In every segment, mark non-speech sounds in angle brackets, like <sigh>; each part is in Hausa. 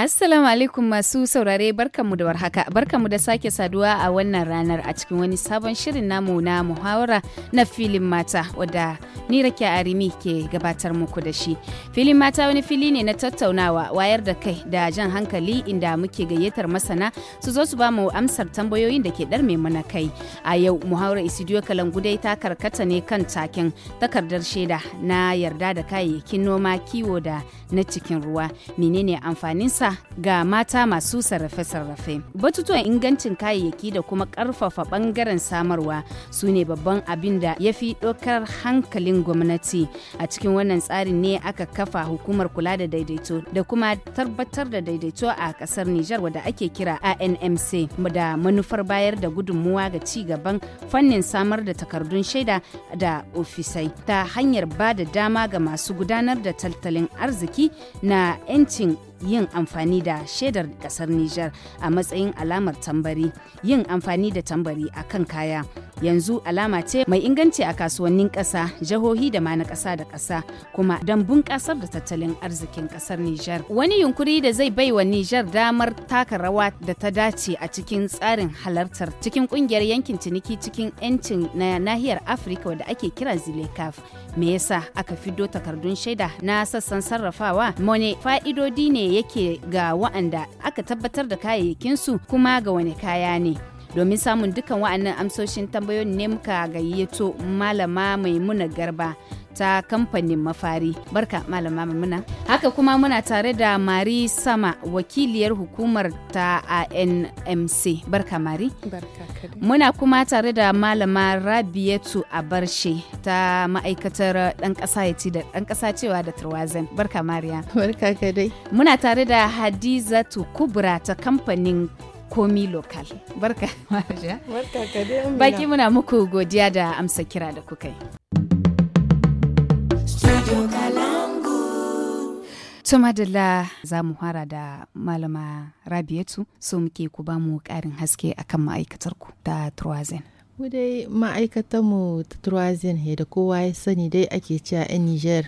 Assalamu alaikum masu saurare barkanmu da warhaka barkanmu da sake saduwa a wannan ranar a cikin wani sabon shirin namu na muhawara na filin mata wadda ni rake arimi ke gabatar muku da shi. Filin mata wani fili ne na tattaunawa wayar da kai da jan hankali inda muke gayyatar masana su zo su ba mu amsar tambayoyin da ke darme mana kai. A yau muhawara Isidiyo dai ta karkata ne kan taken takardar shaida na yarda da kayayyakin noma kiwo da na cikin ruwa menene sa. ga mata masu sarrafe-sarrafe. Batutuwan ingancin kayayyaki da kuma ƙarfafa ɓangaren samarwa su ne babban abin da ya fi ɗaukar hankalin gwamnati. A cikin wannan tsarin ne aka kafa hukumar kula da daidaito da kuma tabbatar da daidaito a ƙasar Nijar wadda ake kira ANMC da manufar bayar da gudunmuwa ga ci gaban fannin samar da takardun shaida da ofisai ta hanyar ba da dama ga masu gudanar da tattalin arziki na 'yancin yin amfani da shaidar kasar Nijar a matsayin alamar tambari, yin amfani da tambari a kan kaya. Yanzu alama ce mai inganci a kasuwannin ƙasa, jihohi da ma na ƙasa da ƙasa, kuma don bunƙasar da tattalin arzikin ƙasar Nijar. Wani yunkuri da zai bai wa Nijar damar taka rawa da ta dace a cikin tsarin halartar cikin ƙungiyar yankin ciniki cikin 'yancin na nahiyar Afirka da ake kira Zilekaf. Me yasa aka fido takardun shaida na sassan sarrafawa? Mone fa'idodi ne yake ga wa'anda aka tabbatar da kayayyakinsu kuma ga wani kaya ne. Domin samun dukan wa'annan amsoshin tambayoyin ne muka gayyato Malama Maimuna Garba. ta kamfanin mafari barka malama mamuna haka kuma muna tare da mari sama wakiliyar hukumar ta anmc barka mari barka muna kuma tare da malama rabiatu abarshe ta ma'aikatar dan kasa ya ci da dan kasa cewa da turwazen barka mariya barka kadai muna tare da hadizatu kubra ta kamfanin komi lokal barka barka kadai baki muna muku godiya da amsa kira da kuka yi da la za mu fara da malama Rabiatu so muke ku ba mu ƙarin haske akan ma'aikatarku ta Troazen. Mu dai ma'aikatanmu ta ya da kowa ya sani dai ake cewa 'yan Nijar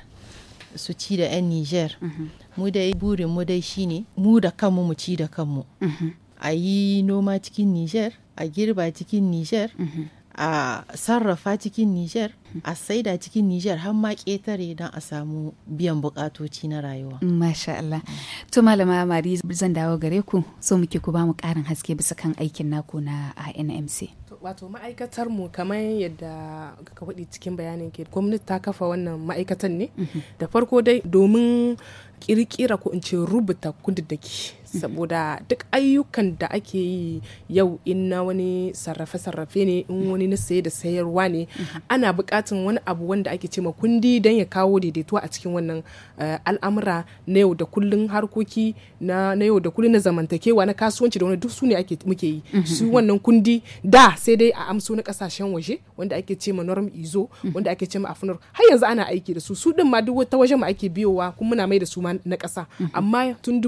su ci da 'yan Niger. Mhm. Mu dai burin mu dai shine mu da kanmu mu ci da kanmu. Mhm. A yi noma cikin Niger, a girba cikin Niger. Mhm. a sarrafa cikin Nijar, a saida cikin Nijar har ma ƙetare don a samu biyan bukatoci na rayuwa. Masha Allah. To malama Mari zan dawo gare ku so muke ku ba mu ƙarin haske bisa kan aikin naku na ANMC. wato ma'aikatar mu kamar yadda ka faɗi cikin bayanin ke gwamnati ta kafa wannan ma'aikatan ne mhm. da farko dai domin kirkira ko in ce rubuta kududdaki mhm. saboda duk ayyukan da ake yi yau in na wani sarrafe-sarrafe ne in mhm. wani na saye da sayarwa ne ana bukatan wani abu wanda ake ce ma kundi don ya kawo daidaituwa a cikin wannan eh, al'amura na yau da kullun harkoki na yau da kullun na zamantakewa na kasuwanci da wani duk su ne ake muke yi su wannan kundi da sai dai a amso na kasashen waje wanda ake ce ma norm izo wanda ake ce ma afnor har yanzu ana aiki da su su din ma duk wata waje ma ake biyowa kuma muna mai da su ma na kasa amma tun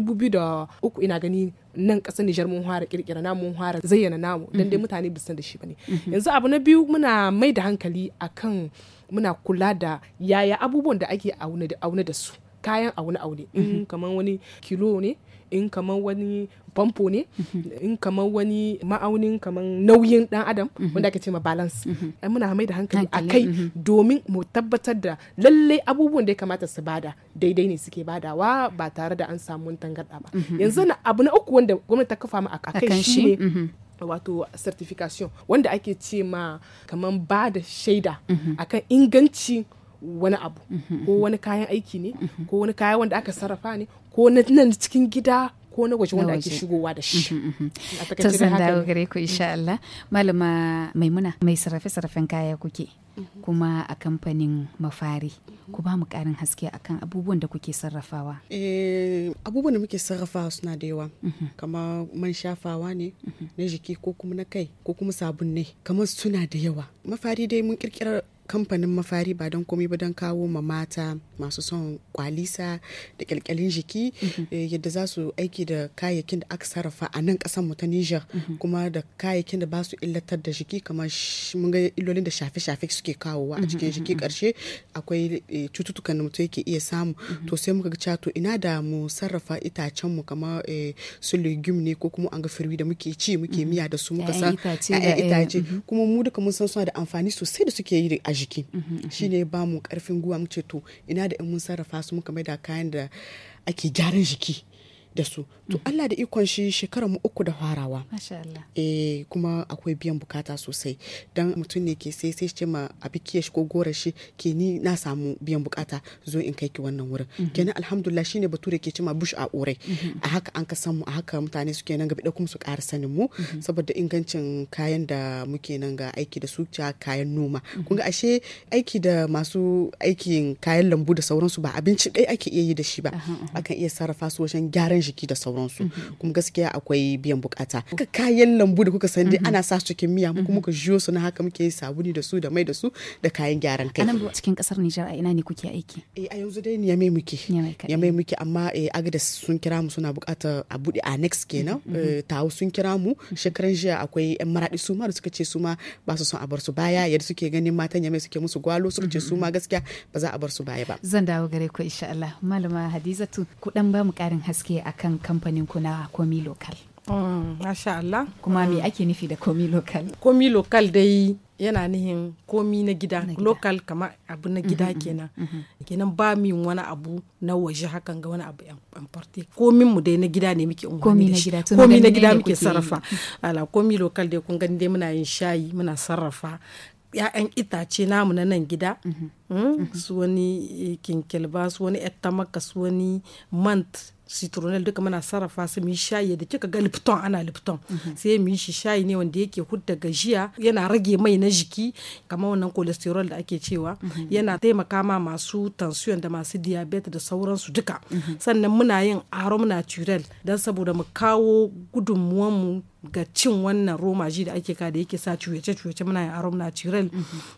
uku ina gani nan ƙasa Nijar mun fara kirkira na mun fara zayyana namu dan dai mutane bisan da shi bane yanzu abu na biyu muna mai da hankali akan muna kula da yaya abubuwan da ake auna da su kayan aune aune kamar wani kilo ne in kamar wani famfo ne in kamar wani ma'aunin kamar nauyin dan adam wanda ake ce ma balance ai muna mai da hankali a kai mhm. domin mu tabbatar da lallai abubuwan da ya kamata su bada daidai ne suke badawa ba tare da an samu tangarda ba mhm, yanzu mhm. na abu na uku wanda gwamnati ta kafa mu a kai shi ne wato certification wanda ake ce ma kamar ba da shaida akan inganci wani abu mhm. ko wani kayan aiki ne mhm. ko wani kayan wanda aka sarrafa ne ko na nan cikin gida ko na waje wanda ake shigowa da shi mhm, ta zan dawo gare ku mm. insha Allah malama maimuna mai sarrafe sarrafen kaya kuke kuma a kamfanin mafari ku ba mu karin haske akan abubuwan da kuke sarrafawa eh, abubuwan da muke sarrafawa suna da yawa kamar man shafawa ne na jiki ko kuma na kai ko kuma sabun ne kamar suna da yawa mafari dai mun kirkirar kamfanin mafari ba don komai ba don kawo ma mata masu son kwalisa da kyalkyalin jiki mhm. eh, yadda za su aiki da kayayyakin da aka sarrafa a nan kasan mu ta Niger mhm. kuma da kayayyakin da ba su illatar da jiki kamar mun ga illolin da shafe-shafe suke kawowa a cikin mhm, jiki karshe akwai eh, cututtukan da mutum yake iya samu to sai muka ga cewa to ina da mu sarrafa itacen mu kamar eh, su legume ne ko kuma an ga firwi da muke ci muke miya da su muka san itace kuma mu duka mun san suna da amfani sosai da suke yi a jiki mhm, mhm. ne ba mu karfin guwa mu ce to ina da in mun sarrafa su muka mai da kayan da ake gyaran jiki da su to mhm. Allah da ikon shi shekarar mu uku da farawa eh kuma akwai biyan bukata sosai dan mutum ne ke sai sai ce ma a bikiye shi ko gora shi ke ni na samu biyan bukata zo in kai ki wannan wurin mhm. kenan alhamdulillah shine bature ke ce ma bush a ore mhm. a haka an ka san mu a haka mutane su nan gabi da kuma su ƙara sanin mu saboda ingancin kayan da muke nan ga aiki da su kayan noma kun ga ashe aiki da masu aikin kayan lambu da sauransu ba abinci ɗaya ake iya yi da shi ba akan iya sarrafa su wajen gyaran jiki da sauransu mhm. kuma gaskiya akwai biyan bukata kuka kayan lambu da kuka san dai mhm. ana sa cikin miya kuma mhm. ka jiyo su na haka muke sabuni da su da mai da su da kayan gyaran kai anan cikin kasar Nijar a ina ne kuke aiki eh a yanzu dai Niamey muke Niamey muke amma eh agada sun kira mu suna bukata a bude annex kenan eh, ta sun kira mu shekaran jiya akwai yan maradi su ma suka ce su ma ba su son a bar su baya yadda suke ganin matan Niamey suke musu gwalo suka ce su ma gaskiya ba za a bar su baya ba zan dawo gare ku insha Allah malama Hadizatu ku dan ba mu karin haske a akan kamfanin ku na komi local mm, Masha Allah. Kuma me mm. ake nufi da komi local? Komi local dai yana nihin komi na gida, local kama abu na gida mm-hmm, kenan. Mm-hmm, mm-hmm. Kenan ba min wani abu na waje hakan ga wani abu amfarti. Komin mu dai na gida ne muke unguwanni da shi. Komi na gida muke sarrafa. Ala komi local dai kun gani dai muna yin shayi, muna sarrafa ‘ya'yan itace namu na nan gida mm, su wani eh, kinkilba su wani ettamaka su wani mant citronel duka muna sarrafa su mu shayi da kika ga lipton ana lipton mhm. sai mu yi shi shayi ne wanda yake hudda gajiya yana rage mai na jiki kamar wannan cholesterol da ake cewa mhm. yana taimaka ma masu tansiyon da masu diabetes da sauransu duka mhm. sannan muna yin arom natural don saboda mu kawo mu ga cin wannan romaji da ake ka da yake sa cuyace-cuyace muna yin arom natural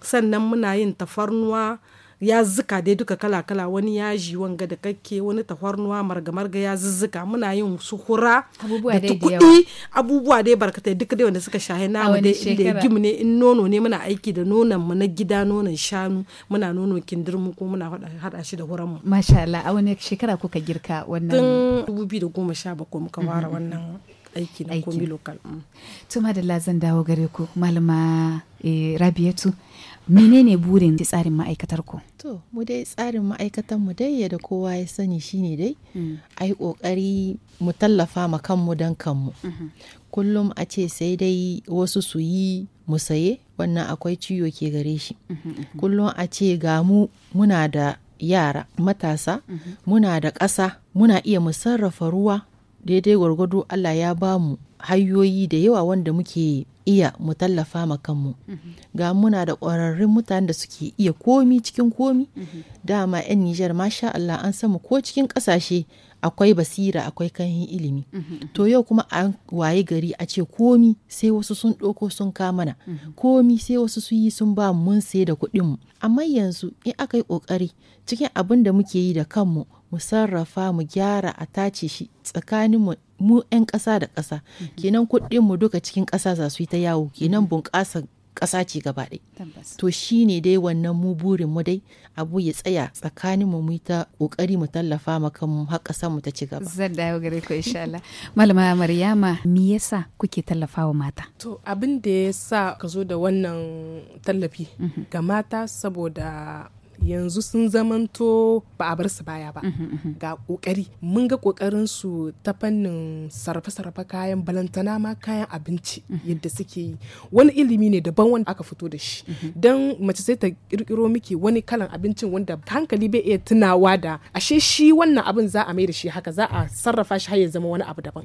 sannan muna yin tafarnuwa ya zika dai duka kala kala wani yaji wanga da kake wani tafarnuwa marga marga ya zuzzuka muna yin su hura da tukudi abubuwa dai barkatai duk dai wanda suka shahe namu dai inda gimu ne in nono ne muna aiki da nonon mu na gida nonon shanu muna nono kindir mu ko muna hada shi da huran mu masha Allah a wani shekara kuka girka wannan tun 2017 muka mm-hmm, fara mm-hmm, wannan mm-hmm. aiki na komi local. Mm. Tuma da lazan dawo gare ku malama eh, Rabiatu menene burin tsarin ma'aikatar ku to mu dai tsarin ma'aikatar mu dai yadda kowa ya sani shine dai hmm. ai kokari mu tallafa ma kanmu dan kanmu mhm. kullum a ce sai dai wasu su yi mu saye wannan akwai ciwo ke gare shi mhm, mhm. kullum a ce ga mu muna da yara matasa muna da ƙasa muna iya mu sarrafa ruwa daidai gwargwado Allah ya bamu hanyoyi da yawa wanda muke iya mu tallafa ma kanmu ga muna da ƙwararrun mutanen da suke iya komi cikin komi dama 'yan nijar masha Allah an samu ko cikin ƙasashe akwai basira akwai kanhin ilimi to yau kuma an waye gari a ce komi sai wasu sun ɗauko sun kamana komi sai wasu sun yi sun ba mun sai da kuɗinmu amma yanzu in aka yi ƙoƙari cikin abin da muke yi da kanmu mu sarrafa mu gyara a tace shi tsakanin mu 'yan ƙasa da ƙasa mhm. kenan kuɗin mu duka cikin ƙasa za su yi ta yawo kenan mhm. bunƙasa ƙasa ce gaba ɗaya to shi ne dai wannan mu burin mu dai abu ya tsaya tsakanin mu yi ta ƙoƙari mu tallafa ma mu har ƙasar mu ta ci gaba zan dawo gare ku insha Allah malama Maryama me yasa kuke tallafawa mata to abin da ya sa ka zo da wannan tallafi mhm. ga mata saboda yanzu sun zamanto ba a bar su baya ba ga kokari mun ga kokarin su ta fannin sarfe-sarfe kayan balantana ma kayan abinci yadda suke yi wani ilimi ne daban wanda aka fito da shi don mace sai ta kirkiro miki wani kalan abincin wanda hankali bai iya tunawa da ashe shi wannan abin za a mai da shi haka za a sarrafa shi har ya zama wani abu daban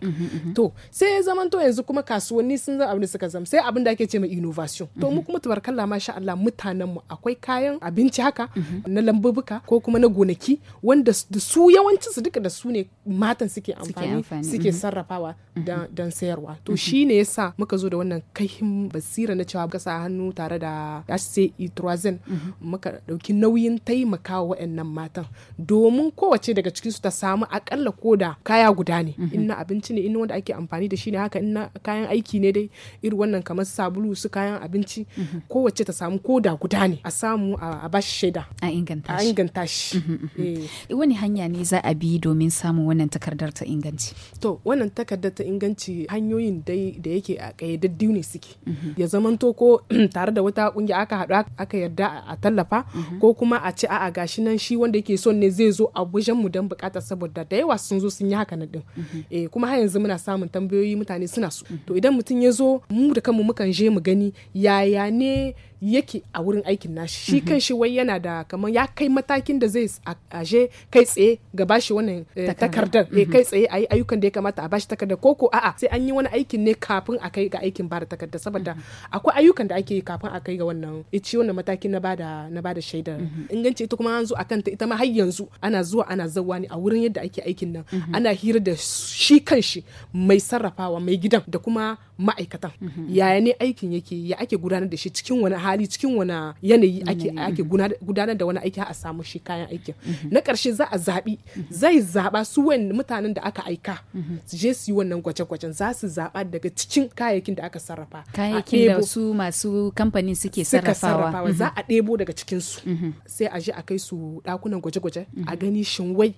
to sai ya zamanto yanzu kuma kasuwanni sun zama abin da suka zama sai abin da ake ce ma innovation to mu kuma tabarkalla masha Allah mutanen mu akwai kayan abinci haka na lambubuka ko kuma na gonaki wanda da su yawancin su duka da su ne matan suke amfani suke mhm. sarrafawa mhm. dan sayarwa to mhm. shi ne yasa muka zo da wannan kaihin basira na cewa kasa hannu tare da HCE Trozen muka dauki nauyin taimakawa waɗannan matan domin kowace daga cikin su ta samu akalla ko da kaya guda ne in na abinci ne in wanda ake amfani da shi ne haka in na kayan aiki ne dai irin wannan kamar sabulu su kayan abinci kowace ta samu ko da guda ne a samu a bashi shaida a inganta shi. A inganta shi. Mhm, mhm, mhm. Eh. Eh, wani hanya ne za a bi domin samun wannan takardar ta inganci? To, wannan takardar ta inganci hanyoyin dai da yake a ƙayyadaddu ne suke. Ya zamanto ko <clears throat> tare da wata ƙungiya aka haɗu aka yarda a tallafa ko kuma a ce a'a gashi nan shi wanda yake son ne zai zo a wajen mu don buƙata saboda da yawa sun zo sun yi haka na din. Eh kuma har yanzu muna samun tambayoyi mutane suna so. To idan mutum ya zo mu da kanmu mukan je mu gani yaya ne yake a wurin aikin nashi shi mhm. kan shi wai yana da kamar ya kai matakin da zai aje kai tsaye ga bashi wannan eh, takardar eh mhm. kai tsaye a yi ayyukan da ya kamata a bashi takardar ko ko a'a sai an yi wani aikin ne kafin a kai ga aikin bada takarda saboda mhm. akwai ayyukan da ake yi kafin a kai ga wannan ici wannan matakin na bada na bada shaidar inganci ita kuma an zo akan ta ita ma har yanzu ana zuwa ana zawa ne a wurin yadda ake aikin nan ana hira da shi kanshi mai sarrafawa mai gidan da kuma ma'aikatan yaya ne aikin yake ya ake gudanar da shi cikin wani hali hali cikin wani yanayi ake mm-hmm. gudanar da wani aiki a samu shi kayan aikin mm-hmm. na ƙarshe za a zaɓi mm-hmm. zai zaɓa su wani mutanen da aka aika su je su yi wannan gwaje-gwajen za su zaɓa daga cikin kayayyakin da aka sarrafa kayayyakin da su masu kamfanin suke sarrafawa za a ɗebo daga cikin su sai a je a kai su ɗakunan gwaje-gwaje a gani shin wai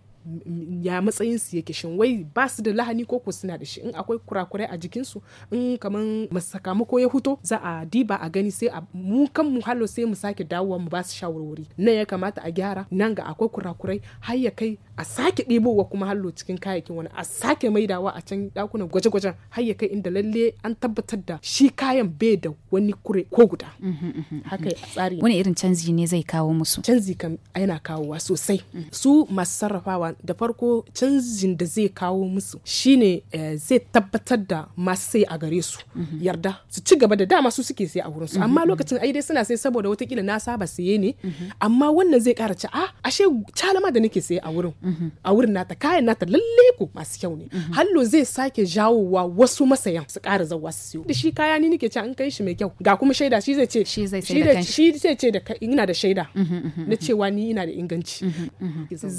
ya matsayin su yake shin wai ba su da lahani ko suna da shi in akwai kurakurai a jikin su in kaman sakamako ya huto za a diba a gani sai mu kan mu halo sai mu sake dawowa mu ba su shawarwari nan ya kamata a gyara nan ga akwai kurakurai har ya kai a sake ɗebowa kuma hallo cikin kayayyakin wani a sake maidawa a can dakunan gwaje-gwajen har ya kai inda lalle an tabbatar da shi kayan bai da wani kure ko guda mhm, mhm, mhm. haka a tsari wani irin canji ne zai kawo musu canji kam yana kawowa sosai mm. su masu sarrafawa da farko canjin da zai kawo musu shine eh, zai tabbatar da masu sai a gare su mhm. yarda su ci gaba da dama su suke sai a wurin su mhm. amma lokacin ai dai suna sai saboda watakila na saba saye ne mhm. amma wannan zai kara ci a ah, ashe calama da nake saye a wurin a wurin nata kayan ta lalle ko masu kyau ne hallo zai sake jawowa wasu masayan su kara zawa su siyo da shi kaya ni nake ce an kai shi mai kyau ga kuma shaida shi zai ce shi zai ce da ina da shaida na cewa ni ina da inganci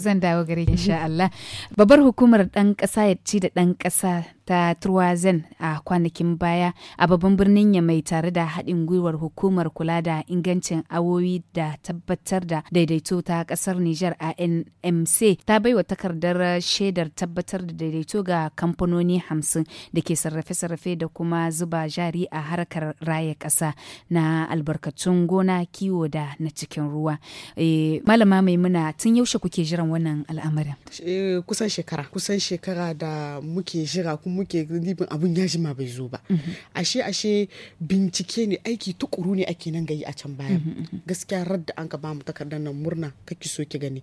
zan dawo gare ki insha Allah. Babar hukumar ɗan ƙasa ya ci da ɗan ƙasa ta Truazen a kwanakin baya a babban birnin mai tare da haɗin gwiwar hukumar kula da ingancin awowi da tabbatar da daidaito ta ƙasar Nijar a NMC ta baiwa takardar shaidar tabbatar da daidaito ga kamfanoni hamsin da ke sarrafe-sarrafe da kuma zuba jari a harkar raya ƙasa na albarkatun gona kiwo da na cikin ruwa. Eh, Malama Maimuna tun yaushe kuke jiran wannan al'amarin? Eh, kusan shekara, kusan shekara da muke jira muke dibin abun ya jima bai zo ba mhm. ashe ashe bincike ne aiki tukuru ne ake nan gayi a can baya mhm, mhm, gaskiya radda an ka bamu takardar nan murna kake so ki gani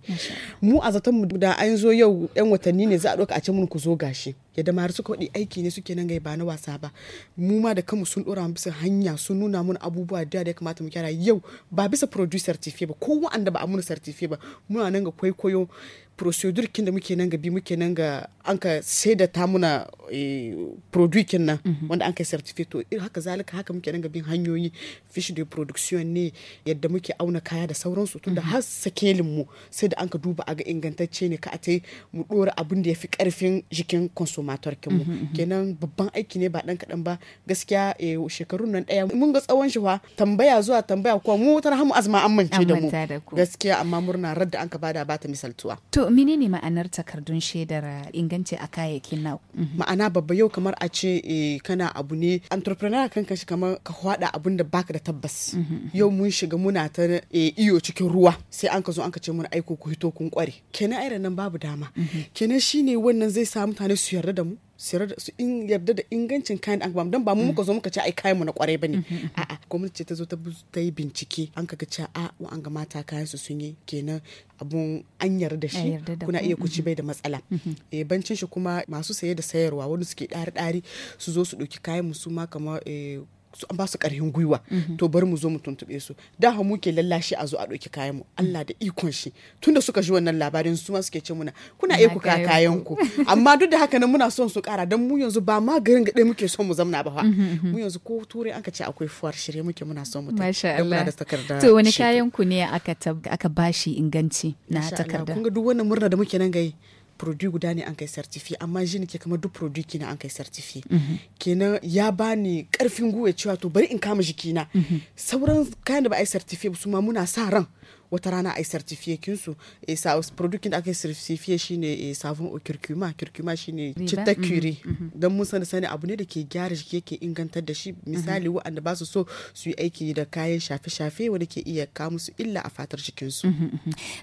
mu a zaton mu da an zo yau yan watanni ne za a ɗauka a ce mun ku zo gashi yadda mara suka aiki ne suke nan gai ba na wasa ba mu ma da kanmu sun dora bisa hanya sun nuna mun abubuwa da ya kamata mu kyara yau ba bisa producer certificate ba ko wanda ba a muna certificate ba muna nan ga kwaikwayo procedure kin da muke nan ga bi muke nan ga an ka sai da ta muna eh, produit kin nan mhm. wanda an ka certificate to haka zalika haka muke nan ga bin hanyoyi fish de production ne yadda muke auna kaya da sauransu tun mhm. har sakelin mu sai da an ka duba a ga ingantacce ne ka a tai mu dora abin da ya fi karfin jikin consumer su mm-hmm, mm-hmm. kenan babban aiki ne ba dan kaɗan ba gaskiya eh, shekarun nan ɗaya mun ga tsawon shi fa tambaya zuwa tambaya kuwa mu tana hamu azma an mance da mu gaskiya amma murna radda an ka bada bata misaltuwa to menene ma'anar takardun shaidar inganci a kayayyakin nau mm-hmm. ma'ana babba yau kamar a ce eh, kana abu ne entrepreneur kan kashi kamar ka hwada abun da baka da tabbas yau mun shiga muna ta eh, iyo cikin ruwa sai an ka zo an ka ce mun aiko ku hito kun kware kenan irin nan babu dama kenan shine wannan zai sa mutane su yarda tare da mu su yarda da ingancin kayan da an don ba mu mm. muka zo muka ce ai kayan mu na kwarai bane mm, mm, a'a gwamnati ta zo ta ta yi bincike an kaga cewa a wa an ga mata kayan su sun yi kenan abun an yarda shi kuna iya kuci bai da matsala eh bancin shi kuma masu saye da sayarwa wani suke dari dari su zo su dauki kayan mu su ma kamar eh, su an ba su ƙarfin gwiwa mhm. to bari mu zo mu tuntube su da mu ke lallashi a zo a ɗauki kayan mu Allah da ikon shi tunda suka ji wannan labarin su ma suke ce muna kuna iya ku ka kayan ku <laughs> amma duk da haka nan muna son su kara dan mu yanzu ba ma garin gaɗe muke son mu zamna ba fa mhm, mhm. mu yanzu ko turai aka ce akwai fuwar shirye muke muna son mu masha Allah to wani kayan ku ne aka aka bashi inganci na takarda kun ga duk wannan murna da muke nan gai produit guda ne an kai certifi amma shi ke kamar duk produit kina an kai certifi mhm. kenan ya bani karfin gwiwa cewa to bari in kama na mhm. sauran kayan da ba a yi certifi su ma muna sa ran wata rana a yi certifiye kinsu eh, produkin da aka yi certifiye shine eh, sabon curcuma curcuma shine citta mhm, curry don mun sani sani abu ne da ke gyara jiki yake ingantar da shi misali waɗanda ba su so su yi aiki da kayan shafe-shafe wanda ke iya kawo musu illa a fatar jikinsu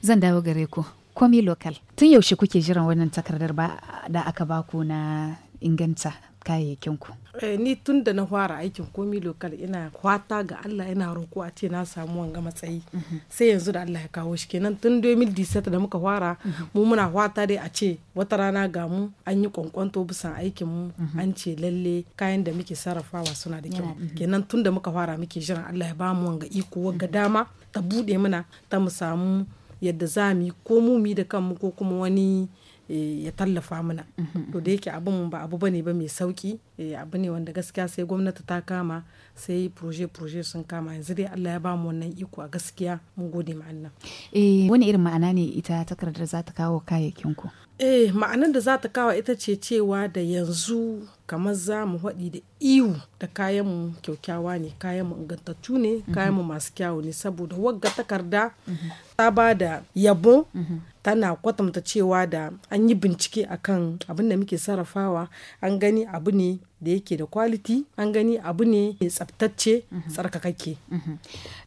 zan dawo gare ku komi lokal tun yaushe kuke jiran wannan takardar ba da aka baku na inganta kayayyakinku eh, ni tun da na fara aikin komi lokal ina kwata ga Allah ina roko a ce na samu wanga matsayi mhm. sai yanzu da Allah ya kawo shi kenan tun 2017 da muka fara mhm. mu muna kwata dai a ce wata rana ga mu an yi kwankwanto bisan aikin mu mhm. an ce lalle kayan da muke sarrafawa suna da kyau kenan tun da muka fara muke jiran Allah ya ba wanga iko wanga dama ta bude muna ta mu samu yadda za mu yi ko mu da kanmu ko kuma wani eh, ya tallafa mana mhm. to da yake abin ba abu bane ba mai sauki eh, abu ne wanda gaskiya sai gwamnati ta kama sai proje-proje sun kama yanzu dai Allah ya ba mu wannan iko a gaskiya mun gode ma Allah eh, wani irin ma'ana ne ita takardar za ta kawo kayayyakin ku eh ma'anar da za ta kawo ita ce cewa da yanzu kamar za mu haɗi da iwu da kayanmu kyaukyawa ne kayanmu ingantattu ne mhm. kayanmu masu kyawu ne saboda wagga takarda ta ba da yabo mhm. tana kwatanta cewa da an yi bincike akan abin da muke sarrafawa an gani abu ne da yake da kwaliti an gani abu ne tsabtacce mhm. tsarkakakke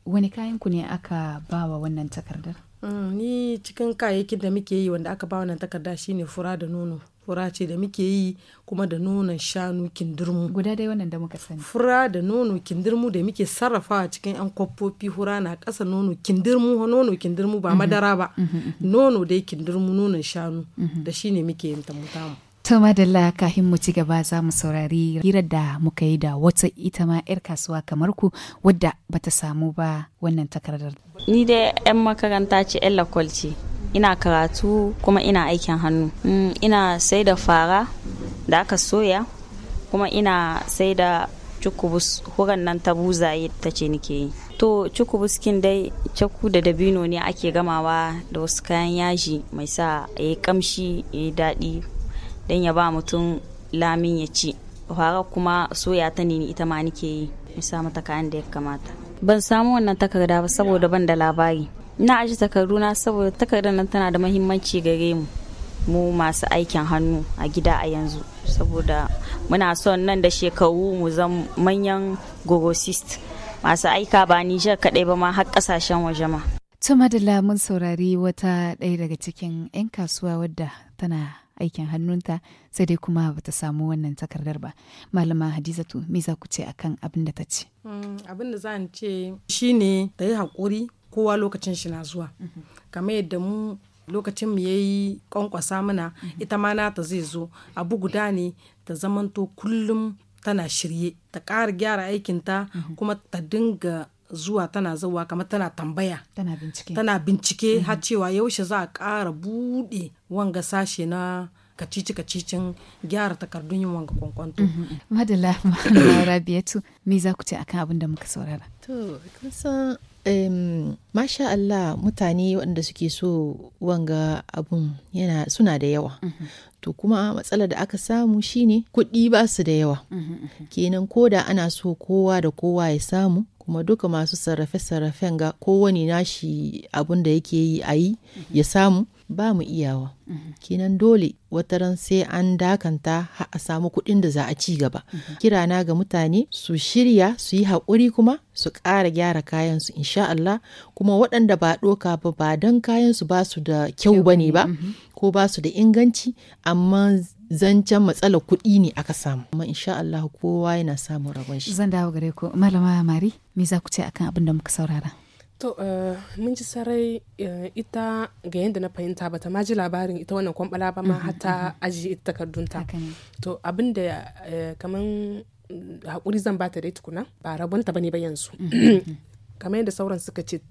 wani kayan ku ne aka bawa wannan takardar Mm, ni cikin kayayyakin da muke yi wanda aka ba wannan takarda shine fura da nono fura ce da muke yi kuma da nonon shanu kindirmu guda dai wannan da muka sani fura da nono kindirmu da muke sarrafawa cikin yan kwafofi fura na ƙasa nono kindirmu nono kindirmu ba mhm. madara ba mhm, mhm, nono dai kindirmu nonon shanu da shine muke yin tamu tamu To madalla kafin mu ci gaba za mu saurari hirar da muka yi da wata ita ma 'yar kasuwa kamar ku wadda ta samu ba wannan takardar. Ni dai 'yan makaranta ce 'yan lakwalci Ina karatu kuma ina aikin hannu. Mm, ina sai da fara da aka soya kuma ina sai da cukubus huran nan ta buzaye ta ce nike yi. To kin dai caku da dabino ne ake gamawa da wasu kayan yaji mai sa ya yi kamshi ya yi daɗi don ya ba mutum lamin ya ci fara kuma soya ta ne ita ma nike yi in sa mata kayan da ya kamata ban samu wannan takarda ba saboda ban da labari na aji na saboda takardar nan tana da mahimmanci gare mu mu masu aikin hannu a gida a yanzu saboda muna son nan da shekaru mu zan manyan gogosist masu aika ba nijar kaɗai ba ma har ƙasashen waje ma. Tuma da mun saurari wata ɗaya daga cikin 'yan kasuwa wadda tana aikin hannunta sai dai kuma bata samu wannan takardar ba malama hadizatu me za ku ce akan abin da ta ce mm, abin da za ce shine ta yi haƙuri kowa lokacin shi na zuwa mhm. kamar yadda mu lokacin mu yayi kwankwasa mana mhm. ita ma nata zai zo abu guda ne ta zamanto kullum tana shirye ta ƙara gyara aikinta mhm. kuma ta dinga zuwa tana zuwa kamar tana tambaya tana bincike mhm. har cewa yaushe za a ƙara buɗe wanga sashe na kacici kacicin gyara takardun yin wanga kwankwanto. Mhm. madala <laughs> rabiatu me za ku ce akan abin da muka saurara to kusan masha Allah mutane waɗanda suke so wanga abun yana suna da yawa mhm. to kuma matsalar da aka samu shine kuɗi ba su da yawa kenan koda ana so kowa da kowa ya samu kuma duka masu sarrafe-sarrafen ga kowane nashi abun da yake yi a yi mhm. ya samu ba mu iyawa mhm. kinan dole wata wataran sai an dakanta a samu kuɗin da za a ci gaba mhm. kirana ga mutane su shirya su yi haƙuri kuma su ƙara gyara kayan su insha Allah kuma waɗanda ba ɗoka ba ba don kayan su ba su da kyau ba ne ba ko ba su da inganci amma zancen matsalar kuɗi ne aka samu amma sha Allah kowa yana samun rabon shi zan dawo gare ku malama mari me za ku ce akan abin da muka saurara to eh, mun ji sarai eh, ita ga yadda na fahimta ba ta ma ji labarin ita wannan kwamɓala ba ma mhm, hata mhm. aji ita ta. to abin da eh, kaman hakuri zan bata dai tukuna ba rabonta bane ba yanzu mhm, kamar yadda sauran suka ce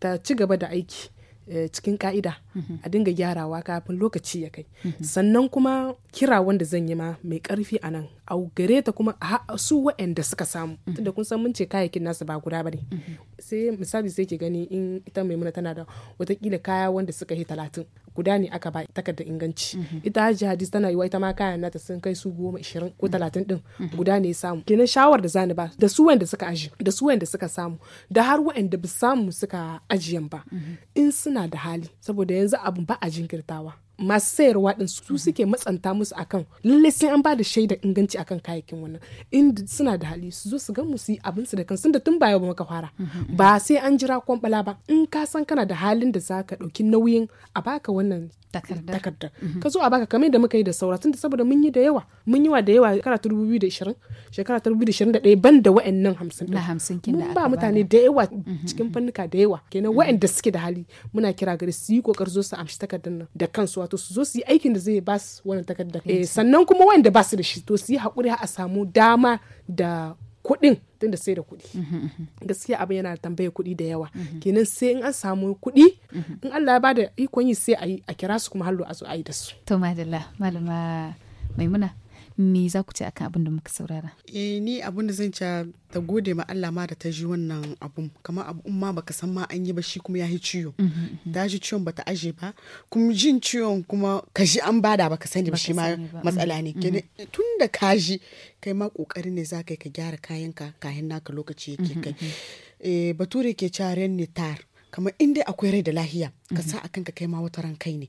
ta ci gaba da aiki Eh, cikin ka'ida mhm. a dinga gyarawa kafin lokaci ya kai mhm. sannan kuma kira wanda zan yi ma mai karfi a nan a gare ta kuma a su wa'anda suka samu mm-hmm. tunda kun san mun ce kayayyakin nasu ba guda bane mm-hmm. sai misali sai ke gani in ita maimuna tana da watakila kaya wanda suka yi talatin guda ne aka ba takarda inganci mm-hmm. ita hajji hadis tana yiwa ita ma kayan nata sun kai su goma ishirin ko talatin din guda ne samu kenan shawar da zani ba da su wa'anda suka aji da su wa'anda suka samu da har wa'anda ba samu suka ajiyan ba in suna da hali saboda yanzu abu ba a jinkirtawa masu sayarwa din su mhm. suke matsanta musu akan lallai sai an ba da shaida inganci akan kayayyakin wannan in suna da hali su zo su ga musu abin su da kansu da tun baya ba maka fara mhm. ba sai an jira kwambala ba in ka san kana da halin da zaka dauki nauyin a baka wannan takardar mhm. ka zo a baka kamar da muka yi da saura tun da saboda mun yi da yawa mun yi wa da yawa shekara 2020 shekara 2021 ban da wa'annan 50 na hamsin kin da ba mutane da yawa cikin fannuka da yawa kenan wa'anda suke da hali muna kira gare su yi kokar zo su amshi takardar nan da kansu wato su zo su yi aikin da zai ba su wannan takardar eh, sannan kuma wanda ba su da shi to su yi hakuri a samu dama da kuɗin tun da sai da kuɗi mhm, mhm, mhm. gaskiya abin yana da tambayar kuɗi da yawa kenan sai in an samu kuɗi in Allah ya bada ikon yi sai a kira su kuma hallo a zo a yi da su to madalla malama maimuna me za ku ce akan abin da muka saurara eh ni abin da zan ce ta gode ma Allah ma da ta ji wannan abun kamar abun ma baka san ma an yi ba shi kuma ya yi ciwo da mm-hmm, mm-hmm. shi ciwon bata aje ba kuma jin ciwon kuma ka ji an bada baka sani ba shi ma matsala ne mm-hmm, tun da ka ji kai ma kokari ne za ka ka gyara kayanka kayan naka lokaci yake kai eh, bature ke caren ne tar kamar inda akwai rai da lahiya ka mhm. sa a ka kai ma wata ran kai ne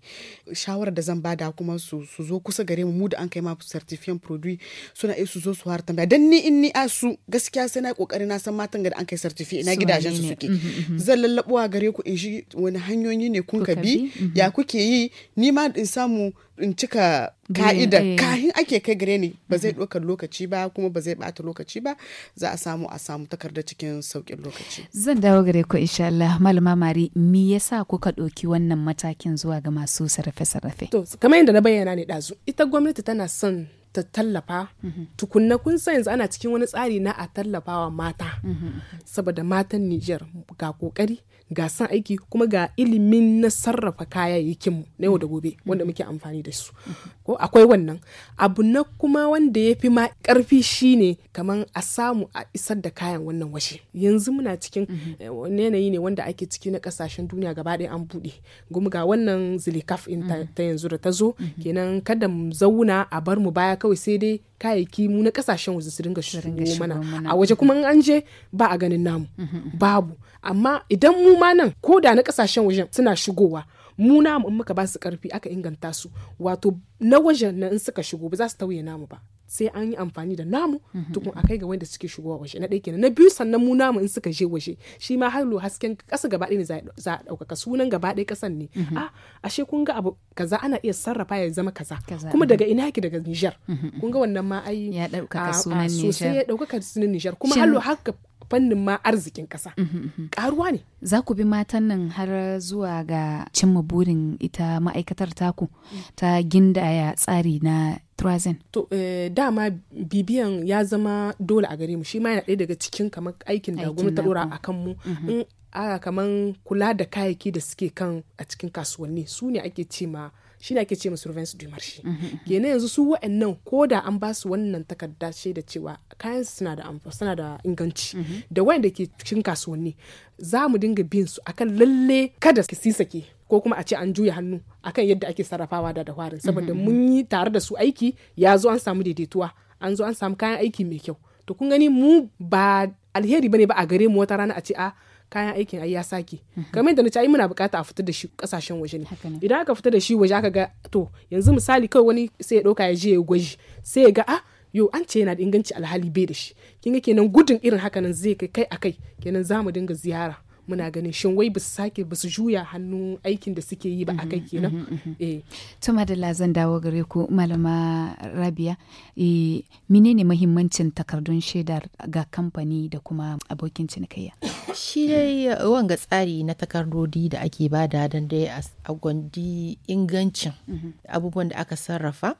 shawarar da zan bada kuma su zo kusa gare mu mu da an kai ma certifiyan produit suna iya su zo su har tambaya dan ni in ni a su gaskiya sai na kokari na san matan ga da an kai certifi ina gidajen su suke mhm, mhm. zan lallabuwa gare ku in shi wani hanyoyi ne kun ka bi ya kuke yi ni ma in samu in cika ka'ida eh. kahin ake kai gare ni ba zai ɗaukar lokaci ba kuma ba zai bata lokaci ba za a samu a samu takarda cikin sauƙin lokaci zan dawo gare ku insha Allah malama mari me yasa kuka ɗauki ɗauki wannan matakin zuwa ga masu sarrafe-sarrafe? To, kamar yadda na bayyana ne ɗazu, ita gwamnati tana son ta tallafa mhm. tukunna kun san yanzu ana cikin wani tsari na a tallafawa mata mhm, mhm. saboda matan Nijar ga kokari ga san aiki kuma ga ilimin na sarrafa kayayyakin mu na yau da gobe wanda muke amfani da su ko akwai wannan abu na kuma wanda ya fi ma karfi shine kaman a samu a isar da kayan wannan waje yanzu muna cikin eh, yanayi ne wanda ake ciki na kasashen duniya gaba ɗaya an buɗe gumi ga wannan zilikaf in ta yanzu da ta zo kenan kada mu zauna a bar mu baya kawai sai dai kayayyaki mu na kasashen waje su dinga shigo mana a waje kuma an je ba a ganin namu mhm. babu amma idan mu ma nan ko da na kasashen wajen suna shigowa mu namu in muka ba su karfi aka inganta su wato na wajen na in suka shigo ba za su tauye namu ba sai an yi amfani da namu mhm. tukun akai ga wanda suke shigowa waje na ɗaya kenan na biyu sannan mu namu in suka je waje shi ma har hasken ƙasa gaba ɗaya ne za a ɗaukaka sunan gaba ɗaya ƙasan ne mhm. a ah, ashe kun ga abu kaza ana iya sarrafa ya zama kaza kuma mhm. daga ina yake daga Nijar kun ga wannan ma ai ya ɗaukaka sunan Nijar sosai ya ɗaukaka sunan Nijar kuma har har fannin ma arzikin kasa. karuwa uhm, uhm, uhm. ne za ku bi matan nan har zuwa ga cimma burin ita ma'aikatar taku mm. ta gindaya tsari na Trazen. To eh, dama bibiyan ya zama dole a gare mu shi ma yana ɗaya daga cikin kamar aikin da gwamnati ta ɗora a kan mu in a kamar kula da kayayyaki da suke kan a cikin kasuwanni su ne ake ce ma shi ne ake ce surveillance du marché mhm, mhm. kenan yanzu su wa'annan ko da an ba su wannan takarda da cewa kayan suna da suna da inganci mhm. da wanda ke cikin kasuwanni za mu dinga bin su akan lalle kada su sisake ko kuma a ce an juya hannu akan yadda ake sarrafawa da dawarin saboda mun yi tare da su aiki ya zo an samu daidaituwa an zo an samu kayan aiki mai kyau to kun gani mu ba alheri bane ba a gare mu wata rana a ce a ah, kayan aikin ai ya sake mhm. kamar yadda na ci ai muna bukata a fitar da shi kasashen waje ne idan aka fitar da shi waje aka ga to yanzu misali kawai wani sai ya dauka ya je ya gwaji sai ya ga a ah, yo an ce yana da inganci alhali bai da shi kin ga kenan gudun irin haka nan zai kai kai akai kenan za mu dinga ziyara muna ganin shin wai ba su sake ba su juya hannun aikin da suke yi ba a kai mhm, kenan mhm, mhm, eh to madalla zan dawo gare ku malama Rabia eh menene muhimmancin takardun shaidar ga kamfani da kuma abokin cinikayya shi dai uh, wanga tsari na takardodi da ake bada don dai a gwandi ingancin abubuwan da aka sarrafa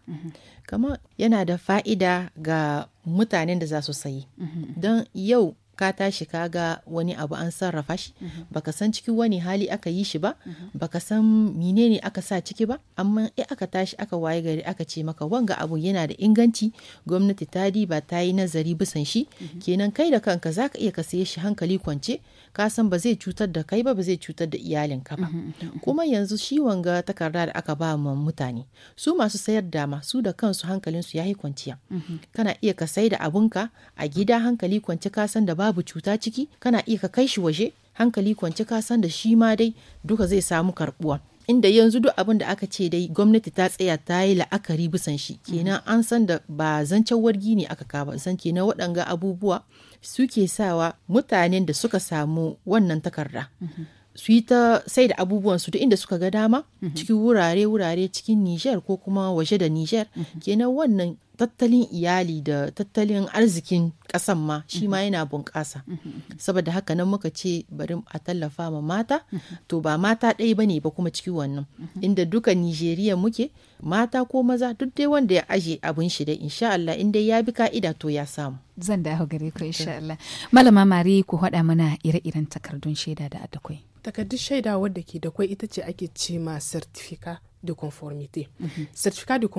kamar yana da fa'ida ga mutanen da za su sayi don yau ka tashi ka ga wani abu an sarrafa shi mhm. baka san cikin wani hali aka yi shi ba mhm. baka san menene aka sa ciki ba amma e aka tashi aka waye gari aka ce maka wanga abu yana da inganci gwamnati ta diba ta yi nazari bisan shi mhm. kenan kai da kanka zaka iya ka saye shi hankali kwance ka san ba zai cutar da kai ba ba zai cutar da iyalin ka ba mhm, mhm, mhm. kuma yanzu shi wanga takarda da aka ba ma mutane su masu sayar da su da kansu hankalin su yayi kwanciya kana iya ka sai da abunka a gida hankali kwance ka san da babu cuta ciki kana iya ka kai shi waje hankali kwance ka san da shi ma dai duka zai samu karbuwa inda yanzu duk abin da aka ce dai gwamnati ta tsaya ta yi la'akari bisan shi kenan an san da ba zancen wargi ne aka kaba san kenan waɗanga abubuwa suke sawa mutanen da suka samu wannan takarda su yi ta sai da abubuwansu duk inda suka ga dama mhm. cikin wurare-wurare cikin Nijar ko kuma waje da Nijar mhm. kenan wannan tattalin iyali da tattalin arzikin ƙasan ma shi ma mhm. yana bunƙasa mhm. saboda haka nan muka ce bari a tallafa ma mata mhm. to ba mata ɗaya bane ba kuma ciki wannan inda duka Nijeriya muke mata ko maza duk dai wanda ya aje abin shi da insha Allah in dai ya bi ka'ida to ya samu zan dawo gare ku insha Allah malama mari ku haɗa mana ire-iren takardun shaida da adakwai takardun shaida wadda ke da kwai ita ce ake ce ma certificate de conformité. Mm -hmm. Certificat de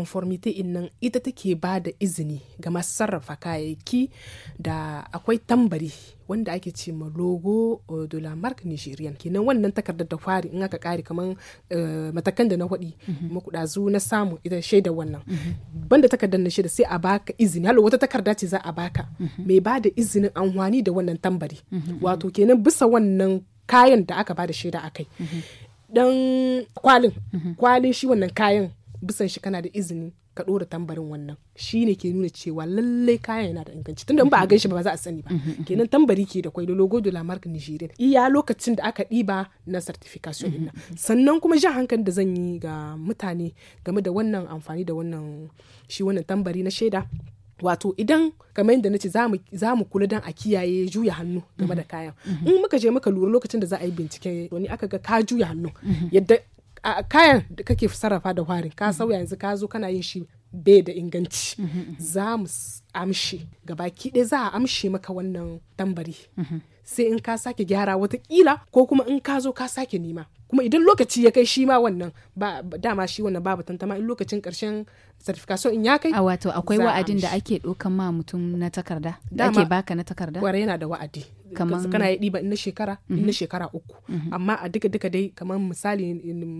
ita take ba da izini ga masu sarrafa kayayyaki da akwai tambari wanda ake ce ma logo eh, de la marque nigerian kenan wannan takardar da fari in aka kare kaman uh, matakan da na hudi mm makudazu na samu ita shaida wannan mm -hmm. banda takardar na shaida sai a baka izini halo wata takarda ce za a baka mhm. mai ba da izinin amfani da wannan tambari mhm. wato kenan bisa wannan kayan da aka ba da shaida kai. Mhm. dan kwalin mhm. kwalin shi wannan kayan bisan shi kana da izini ka ɗora tambarin wannan shi ne ke nuna cewa lallai kayan yana da inganci tunda ba a gan shi ba za a sani ba mhm, mhm. kenan tambari ke da kwai da logo de la marque nigerian iya lokacin da aka ɗiba na certification din sannan kuma jan hankali da zan yi ga mutane game da wannan amfani da wannan shi wannan tambari na shaida wato idan kamar yadda ce za mu kula dan a kiyaye juya hannu game da mhm. kayan mhm. in muka je muka lura lokacin da za a yi bincike wani aka ga ka juya hannu mhm. yadda a kayan da kake sarrafa da warin ka sauya yanzu ka zo kana yin shi bai da inganci za mu amshe gabaki ɗaya za a amshe maka wannan tambari sai in ka sake gyara watakila ko kuma in ka zo ka sake nema kuma idan lokaci ya kai shi ma wannan dama shi wannan babu tantama in lokacin karshen certification in ya kai a wato akwai wa'adin da ake dokan ma mutum na takarda da ake baka na takarda kware yana da wa'adi kaman kana yi diba na shekara in na mhm. shekara uku mhm. amma a duka duka dai kamar misali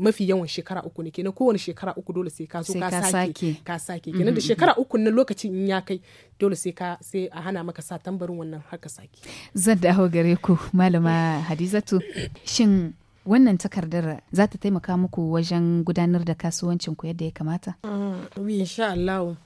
mafi yawan shekara uku ne kenan kowane shekara uku dole sai ka zo ka sake ka sake kenan da mhm. shekara uku na lokacin in ya kai dole sai ka sai a hana maka sa tambarin wannan har ka sake zan dawo gare ku malama hadizatu shin wannan takardar za ta taimaka muku wajen gudanar da kasuwancin ku yadda ya kamata? Wi, mm, insha Allah.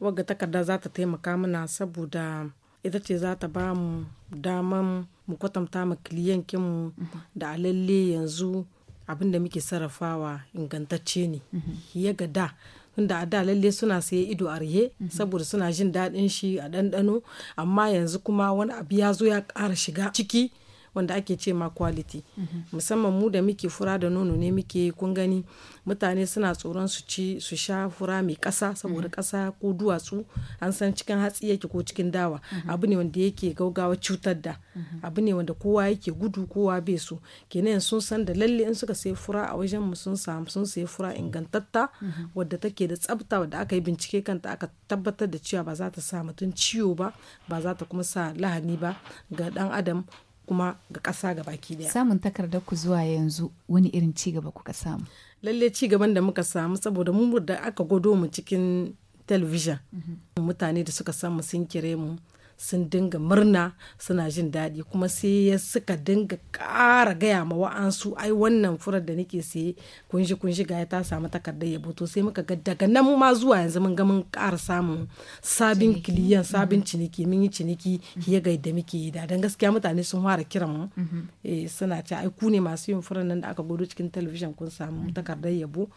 Wagga takarda za ta taimaka mana saboda ita ce za ta ba mu daman mu kwatanta ma kiliyankinmu mhm. da alalle yanzu abin da muke sarrafawa ingantacce ne. Mhm. Ya ga da tunda a da lalle suna saye ido a rihe mhm. saboda suna jin daɗin shi a ɗanɗano amma yanzu kuma wani abu ya zo ya ƙara shiga ciki wanda ake ce ma quality mhm. musamman mu da muke fura da nono ne muke kun gani mutane suna tsoron su ci su sha fura mai kasa saboda kasa mhm. ko duwatsu an san cikin hatsi yake ko cikin dawa mhm. abu ne wanda yake gaugawa cutar da abu ne wanda kowa yake gudu kowa bai so kenan sun san da lalle in suka sai fura a wajen mu sun samu sun sai fura ingantatta wadda take da tsabta wadda aka yi bincike kanta aka tabbatar da cewa ba za ta sa mutum ciwo ba ba za ta kuma sa lahani ba ga dan adam kuma ga ƙasa ga baki daya. Samun takardar ku zuwa yanzu wani irin ci gaba kuka samu? Lalle ci gaban da muka samu saboda mu da aka gwado mu cikin talabijin. Mhm. Mutane da suka samu sun kire mu sun dinga murna suna jin daɗi kuma sai ya suka dinga ƙara gaya ma wa'ansu ai wannan furar da nake saye kunshi kunshi ga ya ta samu takardar yabo to sai muka ga daga nan ma zuwa yanzu mun ga mun ƙara samun sabin kiliyan mm-hmm. sabin ciniki mun yi ciniki ya ga yadda muke yi da dan gaskiya mutane sun fara kiran mu mm-hmm. eh, suna ce ai ku ne masu yin furar nan da aka gudu cikin talabijin kun samu mm-hmm. takardar yabo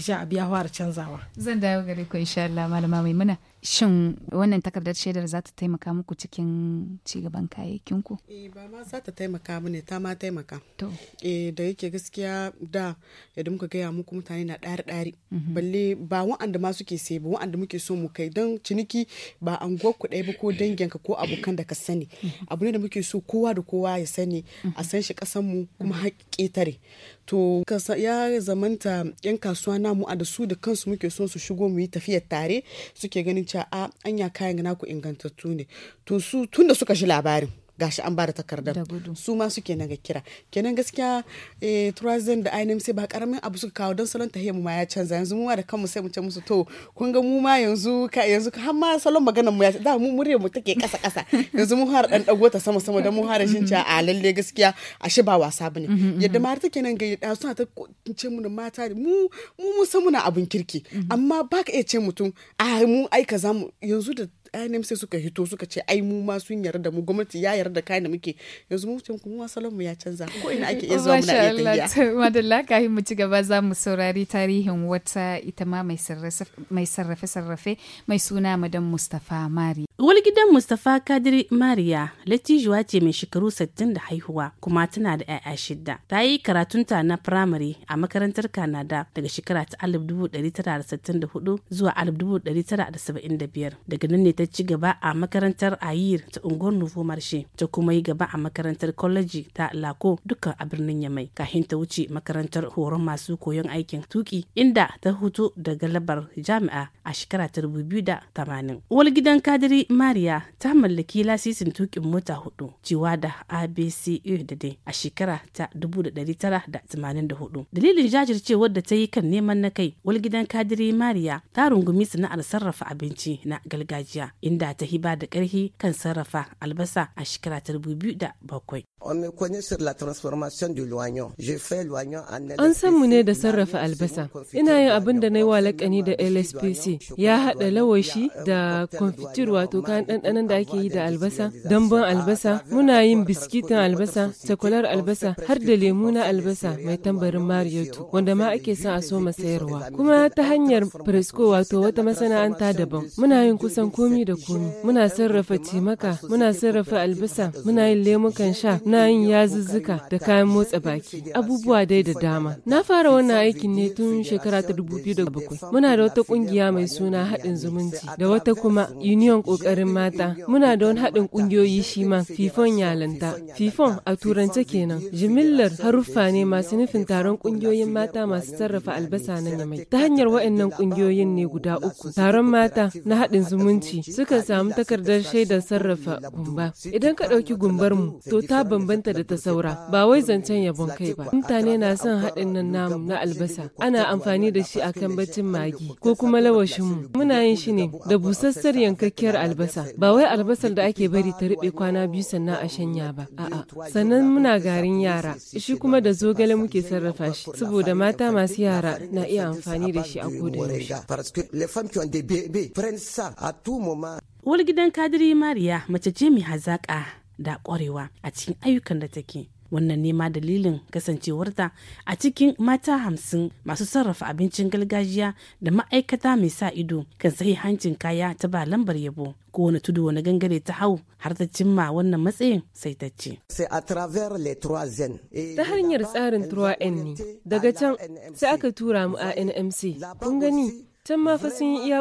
sha a ya fara canzawa. Zan dawo gare ku insha Allah malama muna. Shin wannan takardar shaidar za ta taimaka muku cikin cigaban kayayyakin ku? Eh ba ma za ta taimaka mu ne ta ma taimaka. To. Eh da yake gaskiya da yadda muka gaya muku mutane na ɗari ɗari. Mhm. Balle ba wa'anda ma suke sai ba wa'anda muke so mu kai don ciniki ba an ku ɗaya ba ko dangin ka ko abokan da ka sani. Mhm. Abu ne da muke so kowa da kowa ya sani a mhm. san shi kasan mu kuma haƙƙetare. To ya zamanta 'yan kasuwa namu a da su da kansu muke son su shigo mu yi tafiya tare suke ganin cewa a ah, anya kayan naku ingantattu ne to su tunda suka shi labarin gashi an bada takardar su ma suke na ga kira kenan gaskiya eh turazin da ainihin sai ba karamin abu suka kawo don salon tahiyar mu ma ya canza yanzu mu ma da kanmu sai mu ce musu to kun ga mu ma yanzu ka yanzu har ma salon magana mu ya da mu murya mu take kasa kasa yanzu mu har dan dago ta sama sama don mu har shin a lalle gaskiya ashe ba wasa bane mm-hmm, mm-hmm. yadda ma take nan ga da suna ta ce mu mata mu mu mu san muna abin kirki mm-hmm. amma ba ka iya ce mutum a mu aika zamu. yanzu da ainihin sai suka hito suka ce ai mu ma sun yarda mu gwamnati ya yarda kayan da muke yanzu mu can kuma salon mu ya canza ko ina ake iya zuwa muna iya tafiya madalla kafin mu ci gaba za mu saurari tarihin wata ita ma mai sarrafe sarrafe mai suna madam Mustafa Mari Uwar gidan Mustapha Kadiri Mariya latijuwa ce mai shekaru 60 da haihuwa kuma tana da 'ya'ya shida. Ta yi karatunta na firamare a makarantar Kanada daga shekara ta 1964 zuwa 1975. Daga nan ne ta ci gaba a makarantar Ayir ta unguwar Nufo Marshe ta kuma yi gaba a makarantar kwaleji ta Lako duka a birnin Yamai kafin ta wuce makarantar horon masu koyon aikin tuki inda ta hutu da galabar jami'a a shekara ta 2080. Uwar gidan Kadiri Maria mariya ta mallaki lasisin tukin mota hudu cewa da abcu e da dai a shekara ta 1984 dalilin jajircewar da ta yi kan neman na kai walgidan kadiri maria ta rungumi sana'ar sarrafa abinci na gargajiya inda ta hiba da karhi kan sarrafa albasa a shekara ta 2007 An san mu ne da sarrafa albasa. Ina yin abin da na yi walakani da LSPC. Ya haɗa lawashi da confiture wato kayan ɗanɗanon da ake yi da albasa, dambon albasa, muna yin biskitin albasa, cakular albasa, har da lemu na albasa mai tambarin Mariotu, wanda ma ake son a so sayarwa. Kuma ta hanyar fresco wato wata masana'anta daban. Muna yin kusan komi da komi. Muna sarrafa cimaka, muna sarrafa albasa, muna yin lemukan sha, na yin yazuzzuka da kayan motsa baki abubuwa dai da dama na fara wannan aikin ne tun shekara ta biyu da bakwai. muna da wata kungiya mai suna haɗin zumunci da wata kuma union ƙoƙarin mata muna da wani haɗin ƙungiyoyi shi ma fifon yalanta fifon a turance kenan jimillar haruffa ne masu nufin taron ƙungiyoyin mata masu sarrafa albasa na yamai ta hanyar waɗannan ƙungiyoyin ne guda uku taron mata na haɗin zumunci suka samu takardar shaidar sarrafa gumba idan ka ɗauki gumbar mu to ta bambanta da ta saura ba wai zancen yabon kai ba mutane na son haɗin nan namu na albasa ana amfani da shi akan bacin magi ko kuma lawashin mu muna yin shi ne da busassar yankakkiyar albasa ba wai albasar da ake bari ta riɓe kwana biyu sannan a shanya ba a'a sannan muna garin yara shi kuma da zogale muke sarrafa shi saboda mata masu yara na iya amfani da shi a kodayaushe Wani gidan kadiri Mariya mace ce mai hazaƙa da ƙwarewa a cikin ayyukan da take wannan ne ma dalilin kasancewarta a cikin mata hamsin masu sarrafa abincin gargajiya da ma'aikata mai sa ido kan hancin kaya ta ba lambar yabo ko wani tudu wani gangare ta hau har ta cimma wannan matsayin sai ta ce. Ta hanyar tsarin 3N ne daga can sai aka tura mu a NMC. Kun gani can ma fa sun yi iya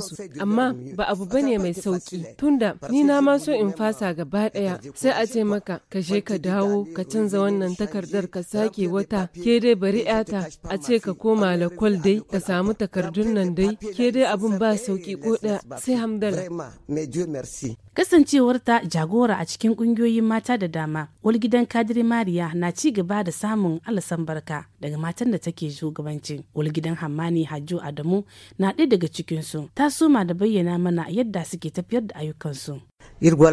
su amma ba abu bane mai sauƙi tunda ni na ma so in fasa gaba ɗaya sai a ce maka ka je ka dawo ka canza wannan takardar ka sake wata ke dai bari yata a ce ka koma lakwal dai ka samu takardun nan dai ke dai abun ba sauƙi ko ɗaya sai hamdala Kasancewar ta jagora a cikin ƙungiyoyin mata da dama, Walgidan Kadiri Mariya na ci gaba da samun alasan barka daga matan da take shugabanci. Walgidan Hammani Hajjo Adamu na ɗaya daga cikinsu, ta soma da bayyana mana yadda suke tafiyar da ayyukansu. irgu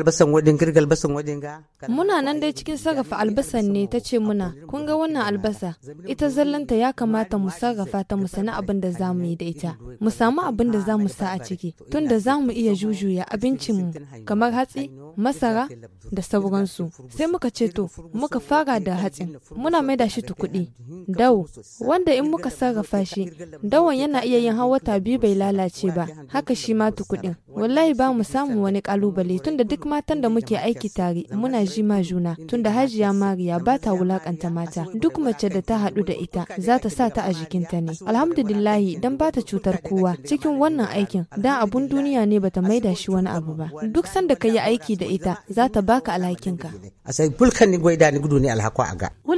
muna nan dai cikin sarrafa albasan ne ta ce muna kun ga wannan albasa ita zallanta ya kamata mu sarrafa ta mu sani abin da za mu yi da ita mu samu abin da za mu sa a ciki tunda za mu iya jujuya abincinmu kamar hatsi masara da sauransu. Sai muka ce to, muka fara da hatsin, muna mai da shi tukudi Dawo, wanda in muka sarrafa shi, dawon yana iya yin hawata biyu bai lalace ba, haka shi ma tukudin Wallahi ba mu samu wani kalubale tunda duk matan da muke aiki tare muna ji ma juna tunda Hajiya Mariya ba ta wulakanta mata. Duk mace da ta hadu da ita za ta sa ta a jikinta ne. Alhamdulillahi dan ba ta cutar kowa cikin wannan aikin dan abun duniya ne bata da shi wani abu ba. Duk sanda ka yi aiki da ita za ta baka alhakinka.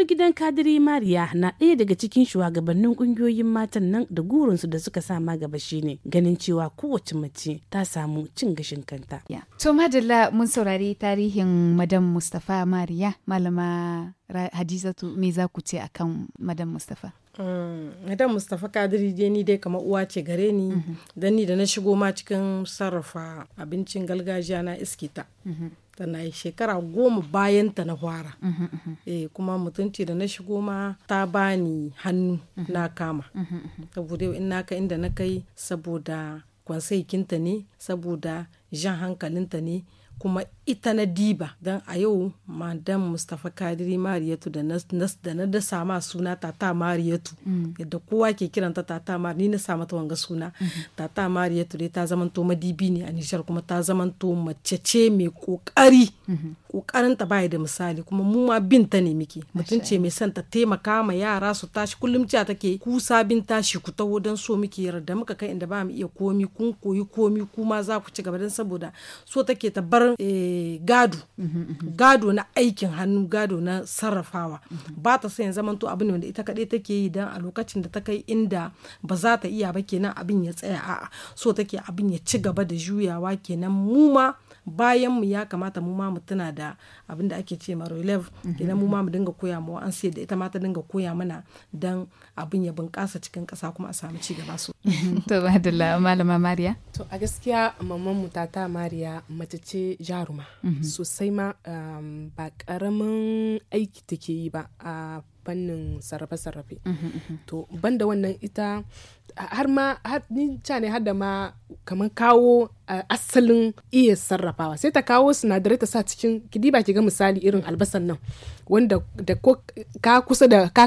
gidan kadiri Mariya na ɗaya daga cikin shugabannin ƙungiyoyin matan nan da gurinsu da suka sa ma gaba ne ganin cewa kowace mace ta samu cin gashin kanta. To madalla mun saurari tarihin Madam mustafa Mariya malama hadiza to me za ku ce akan madam mustafa mm, madam mustafa kadiri dai ni dai kamar uwa ce gare ni mhm. dan ni da na shigo ma cikin sarrafa abincin galgajiya na iskita mhm. tana yi shekara goma bayan ta na fara mhm, eh kuma mutunci da na shigo ma ta bani hannu na kama saboda in naka inda na kai saboda kwansaikinta ne saboda jan hankalinta ne kuma ita na diba don a yau madam mustapha kadiri mariyatu da na da sama suna tata mariyatu mm. yadda kowa ke kiranta tata mar ni na sama ta wanga suna mm-hmm. tata mariyatu dai ta to madibi ne a nishar kuma ta zamanto mace ce mai kokari mm-hmm. kokarin ta baya da misali kuma mu ma bin ne muke mutum ce mai son ta taimaka ma yara su tashi kullum ta take kusa bin tashi ku taho don so muke yarda muka kai inda ba mu iya komi kun koyi komi kuma za ku ci gaba don saboda so take ta bar eh, gado mhm, mhm. gado na aikin hannu gado na sarrafawa mhm. ba ta sayan zaman to abin da ita kaɗai take yi dan a lokacin da ta kai inda ba za ta iya ba kenan abin ya tsaya a'a so take abin ya ci gaba da juyawa kenan mu ma bayan mu ya kamata mu ma mu tuna da abin da ake ce maro lev idan mhm. mu ma mu dinga koya ma an sai da ita ma ta dinga koya mana dan abin ya bunƙasa cikin ƙasa kuma a samu ci gaba so <laughs> to badalla malama mariya to a gaskiya mamman mu tata mariya mace ce jaruma mhm. sosai ma um, ba ƙaramin aiki take yi ba a fannin sarrafe-sarrafe mhm, mhm. to banda wannan ita har ma ni ca ne har da ma kamar kawo asalin iya sarrafawa sai ta kawo sinadarai ta sa cikin ba ki ga misali irin albasan nan wanda da ka kusa da ka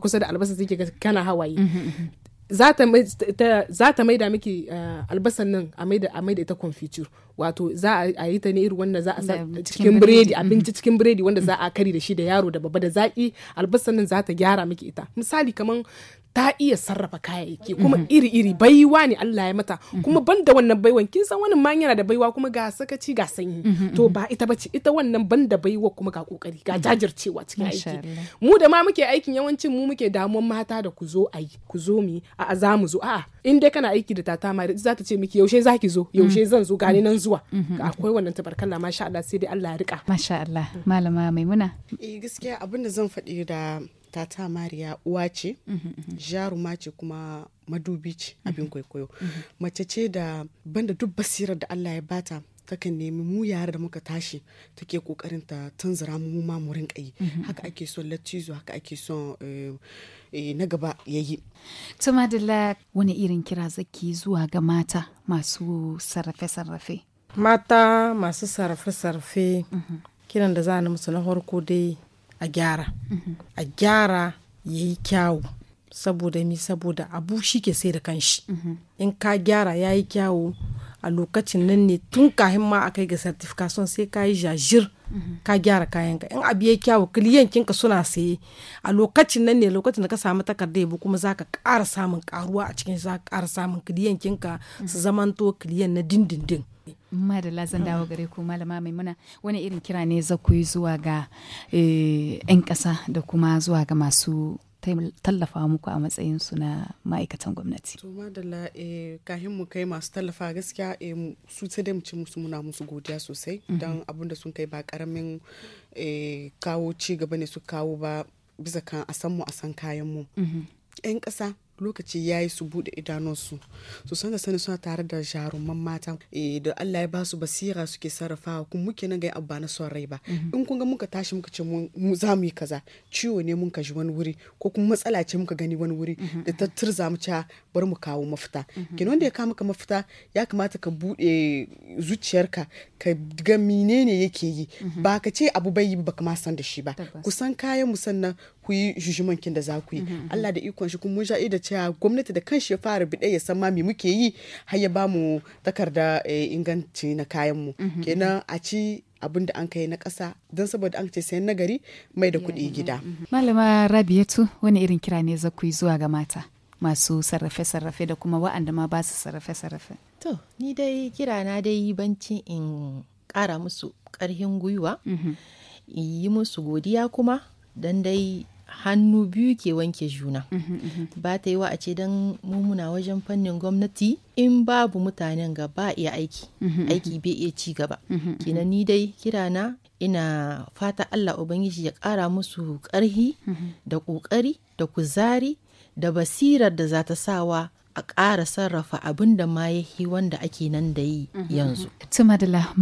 kusa da albasa sai ga kana hawaye mhm, za ta maida miki eh, albasan nan a maida ita confiture wato za a yi ta ne irin wanda za a sa cikin biredi mm-hmm. abinci cikin biredi wanda za a kari da shi da yaro da babba da zaki albasan nan za ta gyara miki ita misali kaman ta iya sarrafa kayayyaki mm-hmm. kuma iri-iri baiwa ne Allah ya mata mm-hmm. kuma banda wannan baiwan kin san wani man yana da baiwa kuma ga sakaci ga sanyi mm-hmm. to ba ita bace ita wannan banda baiwa kuma ga kokari ga jajircewa cikin aiki mu da ma muke aikin yawancin mu muke damuwar mata da ku zo ayi ku zo mi a za mu zo a'a in dai kana aiki da tata ma za ta ce miki yaushe zaki zo yaushe zan zo gani nan zuwa akwai wannan tabarkalla masha Allah sai dai Allah ya rika masha Allah malama maimuna eh gaskiya abin zan faɗi da tata mariya uwa ce jaruma ce kuma madubi ce abin kwaikwayo mace ce da banda duk basirar da allah ya bata takan nemi mu yara da muka tashi take kokarin ta tunzura mu mu ma kai haka ake son lattizo haka ake son eh, eh, na gaba yayi to madalla wani irin kira zaki zuwa ga mata masu sarrafe sarrafe mata masu sarrafe sarrafe kiran da za ni musu na farko dai a gyara a gyara ya yi kyawu saboda mi saboda abu shi ke sai da kanshi in ka gyara ya yi kyawu a lokacin nan ne tun kahin ma a kai ga certification sai ka yi jajir ka gyara kayanka in abu ya kyawu kiliyan kinka suna saye a lokacin nan ne lokacin da ka samu takarda yabo kuma za ka kara samun karuwa a cikin za ka ƙara samun kiliyan kinka su zamanto kiliyan na dindindin madalla zan dawo gare ku malama maimuna wani irin kira ne za ku yi zuwa ga 'yan eh, ƙasa da kuma zuwa ga masu tallafa muku a matsayin su na ma'aikatan gwamnati. To madalla eh, kahin mu kai masu tallafa gaskiya eh, su sai dai mu musu muna musu godiya sosai mhm. don abin da sun kai ba karamin kawo ci gaba ne su kawo ba bisa kan a san mu a san kayan mu. 'Yan mhm. ƙasa lokaci ya yi su buɗe idanunsu su san da sani suna tare da jaruman mata eh, da Allah ya basu basira suke sarrafawa kuma muke nan ga abba na son rai ba mhm. in kun ga muka tashi muka ce mu za mu yi kaza ciwo ne mun kaji wani wuri ko kuma matsala ce muka gani wani wuri mhm. da ta turza mu ca ah, bar mu kawo mafita mhm. kin wanda ya kawo maka mafita ya kamata ka buɗe zuciyarka ka ga menene yake yi ba ka ce abu bai yi ba ka ma san da shi ba kusan kayan mu sannan ku yi kin da za ku yi mhm, mhm. Allah da ikon shi kuma mun sha'i da cewa gwamnati da kanshi ya fara bide ya san ma me muke yi har ya bamu takarda eh, inganci na kayan mu mhm, kenan a ci abin da an kai na kasa don saboda an ce sayan nagari mai da kuɗi gida. Malama Rabiatu wani irin kira ne za ku yi zuwa ga mata masu sarrafe-sarrafe da kuma wa'anda ma ba su sarrafe-sarrafe. To, ni dai kira na dai banci in ƙara musu ƙarfin gwiwa, yi musu godiya kuma dan dai hannu biyu ke wanke juna mhm, mhm. ba ta yi wa a ce don mumuna wajen fannin gwamnati in babu mutanen ga ba iya aiki mhm, aiki bai iya ci gaba kenan ni dai kirana ina fata allah ubangiji ya ƙara musu ƙarhi da ƙoƙari da kuzari da basirar da za ta sawa a ƙara sarrafa abin da ma yahi wanda ake nan da yi yanzu. Tumadila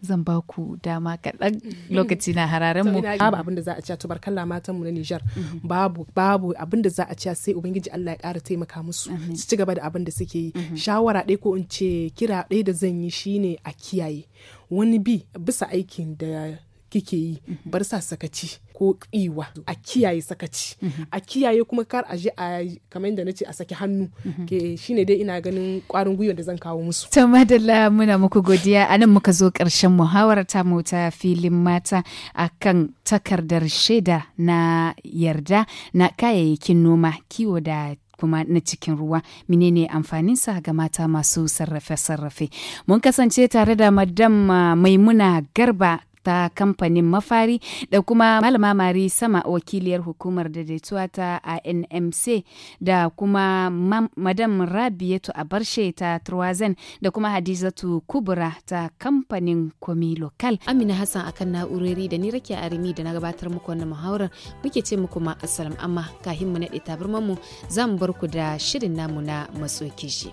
zan ba ku dama kaɗan lokaci na hararen mu. Babu abin da za a ci tubarkalla matan mu na Nijar. Mhm. Babu babu abin da za a ci sai Ubangiji Allah ya ƙara taimaka musu su ci gaba da abin da suke yi. Mhm. Shawara ɗaya ko in ce kira ɗaya da zan yi shine a kiyaye. Wani bi bisa aikin da kike yi mhm. bar sa sakaci ko kiwa a kiyaye sakaci mhm. a kiyaye kuma kar a je a kamar yadda nace a saki hannu mhm. ke shine dai ina ganin kwarin gwiwa da zan kawo musu to madalla muna muku godiya anan muka zo karshen muhawarar ta mota filin mata a kan takardar shaida na yarda na kayayyakin noma kiwo da kuma na cikin ruwa menene sa ga mata masu sarrafe-sarrafe mun kasance tare da madam ah, maimuna garba ta kamfanin mafari da kuma malama mari sama wakiliyar hukumar daidaituwa ta anmc da kuma madam rabiatu abarshe ta turwazen da kuma hadizatu kubura ta kamfanin komi lokal amina hassan akan na'urori da ni rake arimi da na gabatar muku wannan muhawarar muke ce muku ma assalam amma kahin mu naɗe tabarmanmu za mu bar ku da shirin namu na matsokishi.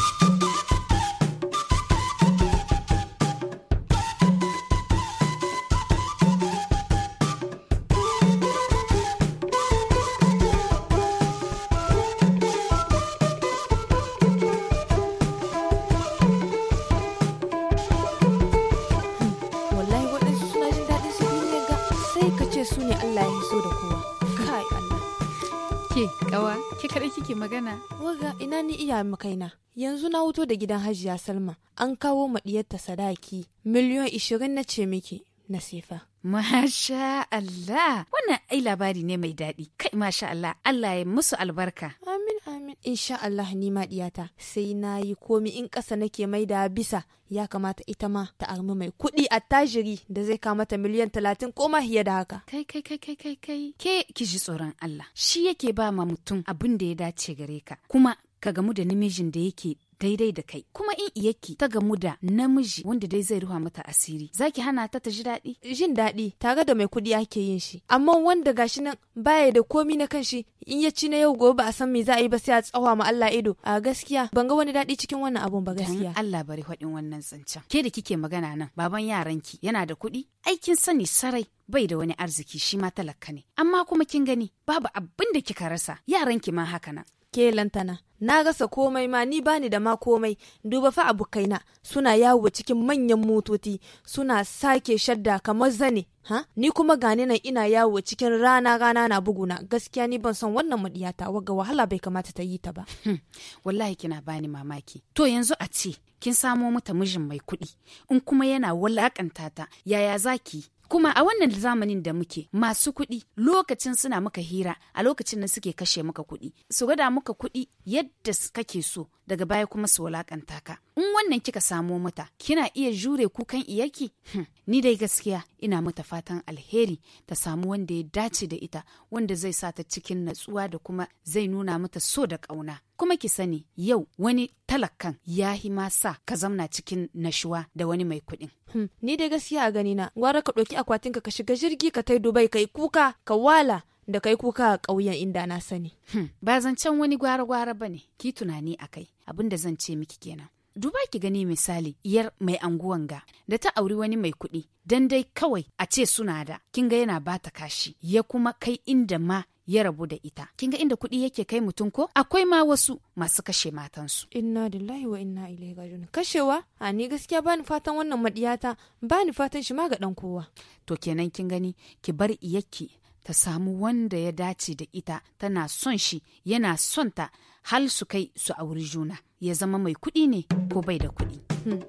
kike magana? Waga ina ni iya makaina. Yanzu na wuto da gidan Hajiya Salma. An kawo maɗiyarta sadaki miliyon ishirin na ce miki na sefa. Masha Allah, wannan ai labari ne mai daɗi. Kai masha Allah, Allah ya musu albarka. Amin Amin. Insha Allah ni ma diyata sai na yi komi in ƙasa nake mai da bisa ya kamata ita ma ta armi mai kuɗi tajiri da zai kama ta miliyan talatin ko ma fiye da haka. Kai kai kai kai kai kai ke ki ji tsoron Allah shi yake ba ma mutum abin da ya dace gare ka kuma ka gamu da namijin da yake daidai da kai kuma in iyaki ta gamu da namiji wanda dai zai ruwa mata asiri zaki hana ta ta ji daɗi jin daɗi tare da mai kuɗi ake yin shi amma wanda gashi nan baya da komi na kanshi in ya ci na yau gobe ba a san me za a yi ba sai a tsawa ma Allah ido a gaskiya ban ga wani daɗi cikin wannan abun ba gaskiya Allah bari faɗin wannan zancen ke da kike magana nan baban yaranki yana da kuɗi aikin sani sarai bai da wani arziki shi ma talaka ne amma kuma kin gani babu abin da kika rasa yaranki ma haka nan ke lantana na rasa komai ma ni bani da ma komai duba fa abokaina suna yawo cikin manyan motoci suna sake shadda kamar zane ha ni kuma gane nan ina yawo cikin rana rana na buguna gaskiya ni ban san wannan madiyata wagga wahala bai kamata ta yi ta ba hmm, wallahi kina bani mamaki to yanzu a ce kin samo mata mijin mai kuɗi in kuma yana wulakanta ta yaya zaki kuma a wannan zamanin da muke masu kuɗi lokacin suna maka hira a lokacin nan suke kashe maka kuɗi su gada muka kuɗi yadda kake so daga baya kuma su wulakanta ka in wannan kika samo mata kina iya jure kukan iyaki hm, ni dai gaskiya ina mata fatan alheri ta samu wanda ya dace da ita wanda zai sa ta cikin natsuwa da kuma zai nuna mata so da ƙauna kuma ki sani yau wani talakan ya hi ma sa ka zamna cikin nashuwa da wani mai kuɗin. Hmm, ni dai gaskiya a gani na gwara ka ɗauki akwatinka ka shiga jirgi ka tai Dubai ka yi kuka ka wala da kai kuka a ƙauyen inda na sani. Hmm. Ba zancen wani gwara-gwara ba ne, ki tunani a kai, abin da zan ce miki kenan. duba ki gani misali yar mai anguwan ga da ta auri wani mai kuɗi dan dai kawai a ce suna da kin ga yana bata kashi ya kuma kai inda ma ya rabu da ita kin ga inda kuɗi yake kai mutum ko akwai ma wasu masu kashe matansu inna lillahi wa inna ilaihi rajiun kashewa a ni gaskiya bani fatan wannan madiyata bani fatan shi ma ga dan kowa to kenan kin gani ki bar iyakki ta samu wanda ya dace da ita tana son shi yana son ta hal su kai su auri juna ya zama mai kuɗi ne ko bai da kuɗi. Hmm.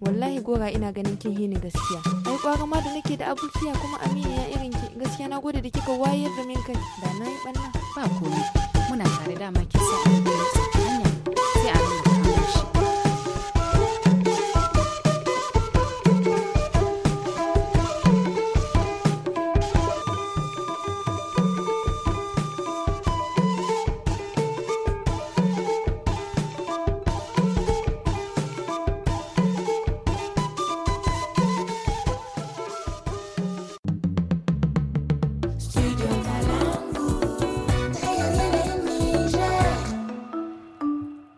wallahi gora ina ganin kin hini gaskiya ai kwara ma da nake da abokiya kuma ya irin ki gaskiya na gode da kika wayar da min kai da na yi ba komai muna tare dama kisa sa